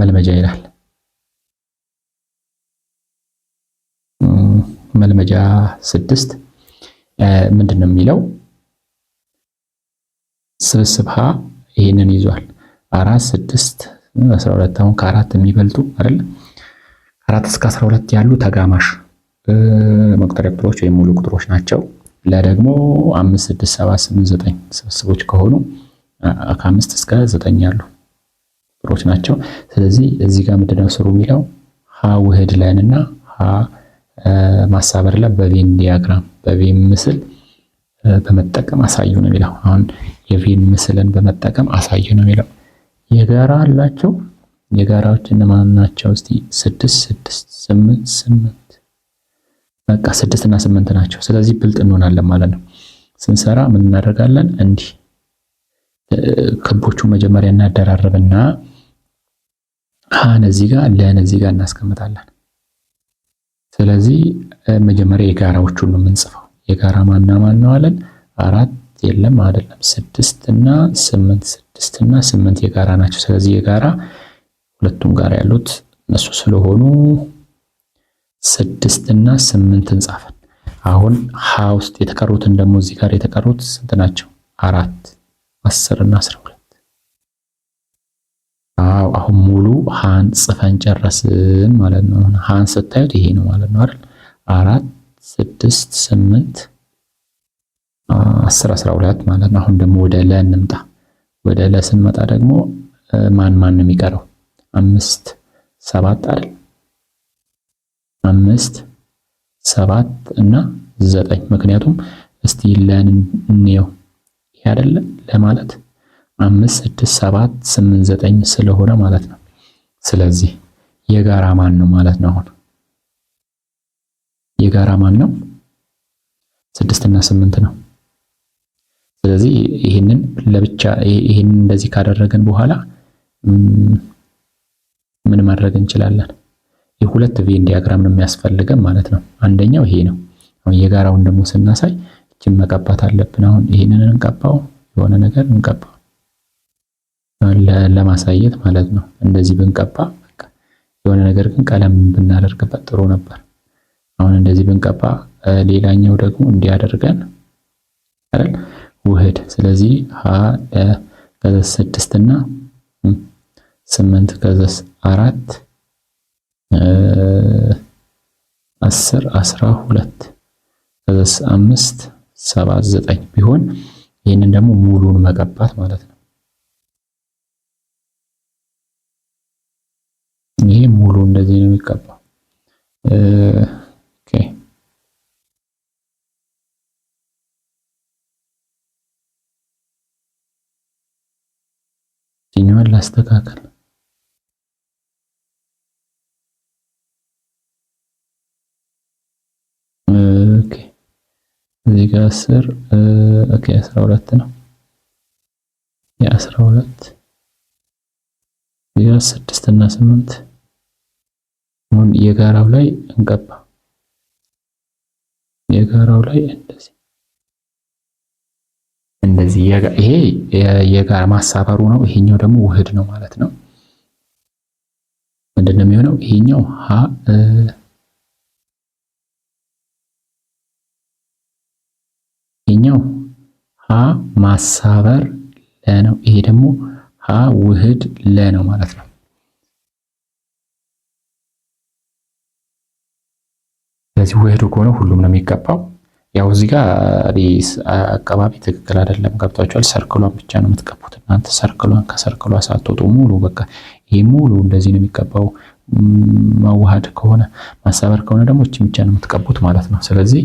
መልመጃ ይላል። መልመጃ ስድስት ምንድን ነው የሚለው? ስብስብ ሀ ይህንን ይዟል። አራት ስድስት አስራ ሁለት አሁን ከአራት የሚበልጡ አይደል? አራት እስከ አስራ ሁለት ያሉ ተጋማሽ መቁጠሪያ ቁጥሮች ወይም ሙሉ ቁጥሮች ናቸው። ለደግሞ አምስት ስድስት ሰባት ስምንት ዘጠኝ ስብስቦች ከሆኑ ከአምስት እስከ ዘጠኝ ያሉ ነገሮች ናቸው። ስለዚህ እዚህ ጋር ምንድነው ስሩ የሚለው ሀ ውህድ ላይን እና ሀ ማሳበር ላይ በቬን ዲያግራም በቬን ምስል በመጠቀም አሳዩ ነው የሚለው። አሁን የቬን ምስልን በመጠቀም አሳዩ ነው የሚለው። የጋራ አላቸው። የጋራዎች እነማን ናቸው? እስቲ ስድስት ስድስት ስምንት ስምንት በቃ ስድስት እና ስምንት ናቸው። ስለዚህ ብልጥ እንሆናለን ማለት ነው። ስንሰራ ምን እናደርጋለን? እንዲህ ክቦቹ መጀመሪያ እናደራረብና ሃን እዚህ ጋር ለን እዚህ ጋር እናስቀምጣለን። ስለዚህ መጀመሪያ የጋራዎች ሁሉ የምንጽፈው የጋራ ማና ማን ነው አለን። አራት የለም አይደለም፣ ስድስት እና ስምንት ስድስት እና ስምንት የጋራ ናቸው። ስለዚህ የጋራ ሁለቱም ጋር ያሉት እነሱ ስለሆኑ ስድስት እና ስምንት እንጻፈን። አሁን ሀ ውስጥ የተቀሩትን ደግሞ እዚህ ጋር የተቀሩት ስንት ናቸው? አራት አስር እና አስራ ሁለት አዎ አሁን ሙሉ ሃን ጽፈን ጨረስን ማለት ነው። ሃን ስታዩት ይሄ ነው ማለት ነው አይደል? አራት ስድስት ስምንት አስር አስራ ሁለት ማለት ነው። አሁን ደግሞ ወደ ለ እንምጣ። ወደ ለ ስንመጣ ደግሞ ማን ማን ነው የሚቀረው? አምስት ሰባት አይደል? አምስት ሰባት እና ዘጠኝ ምክንያቱም እስቲ ለን እንየው ይሄ አይደለም ለማለት አምስት ስድስት ሰባት ስምንት ዘጠኝ ስለሆነ ማለት ነው። ስለዚህ የጋራ ማን ነው ማለት ነው። አሁን የጋራ ማን ነው? ስድስት እና ስምንት ነው። ስለዚህ ይህንን ለብቻ ይህንን እንደዚህ ካደረገን በኋላ ምን ማድረግ እንችላለን? የሁለት ቬን ዲያግራም ነው የሚያስፈልገን ማለት ነው። አንደኛው ይሄ ነው። አሁን የጋራውን ደግሞ ስናሳይ እችን መቀባት አለብን። አሁን ይህንን እንቀባው፣ የሆነ ነገር እንቀባው ለማሳየት ማለት ነው። እንደዚህ ብንቀባ በቃ የሆነ ነገር ግን ቀለም ብናደርግበት ጥሩ ነበር። አሁን እንደዚህ ብንቀባ ሌላኛው ደግሞ እንዲያደርገን አይደል ውህድ። ስለዚህ ሀ ከዛ ስድስት እና ስምንት ከዛ አራት አስር አስራ ሁለት ከዘስ አምስት ሰባት ዘጠኝ ቢሆን ይህንን ደግሞ ሙሉን መቀባት ማለት ነው። ሙሉ እንደዚህ ነው የሚቀባው። ኦኬ ይህኛዋን ላስተካከል። ኦኬ እዚህ ጋር 10 ኦኬ 12 ነው የ12 ያ 6 እና 8 አሁን የጋራው ላይ እንቀባ። የጋራው ላይ እንደዚህ እንደዚህ ይሄ የጋራ ማሳበሩ ነው። ይሄኛው ደግሞ ውህድ ነው ማለት ነው። ምንድን ነው የሚሆነው? ይሄኛው ሀ ይሄኛው ሀ ማሳበር ለ ነው። ይሄ ደግሞ ሀ ውህድ ለ ነው ማለት ነው። ስለዚህ ውህዱ ከሆነ ሁሉም ነው የሚገባው። ያው እዚህ ጋር አቀባቢ ትክክል አይደለም። ገብቷችኋል። ሰርክሏን ብቻ ነው የምትገቡት እናንተ ሰርክሏን ከሰርክሏ ሳትወጡ ሙሉ በቃ ይህ ሙሉ እንደዚህ ነው የሚገባው። መዋሃድ ከሆነ ማሳበር ከሆነ ደግሞ እቺ ብቻ ነው የምትቀቡት ማለት ነው። ስለዚህ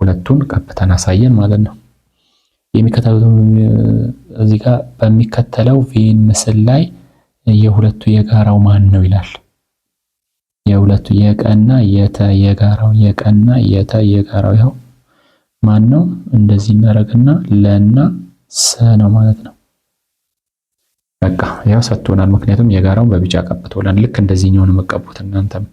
ሁለቱን ቀብተን አሳየን ማለት ነው። እዚህ ጋር በሚከተለው ቪን ምስል ላይ የሁለቱ የጋራው ማን ነው ይላል። የሁለቱ የቀና የተ የጋራው የቀና የተ የጋራው ይኸው ማን ነው? እንደዚህ እናደርግና ለና ሰ ነው ማለት ነው። በቃ ያው ሰጥቶናል። ምክንያቱም የጋራውን በቢጫ ቀብቶላን። ልክ ነው መቀቡት እናንተም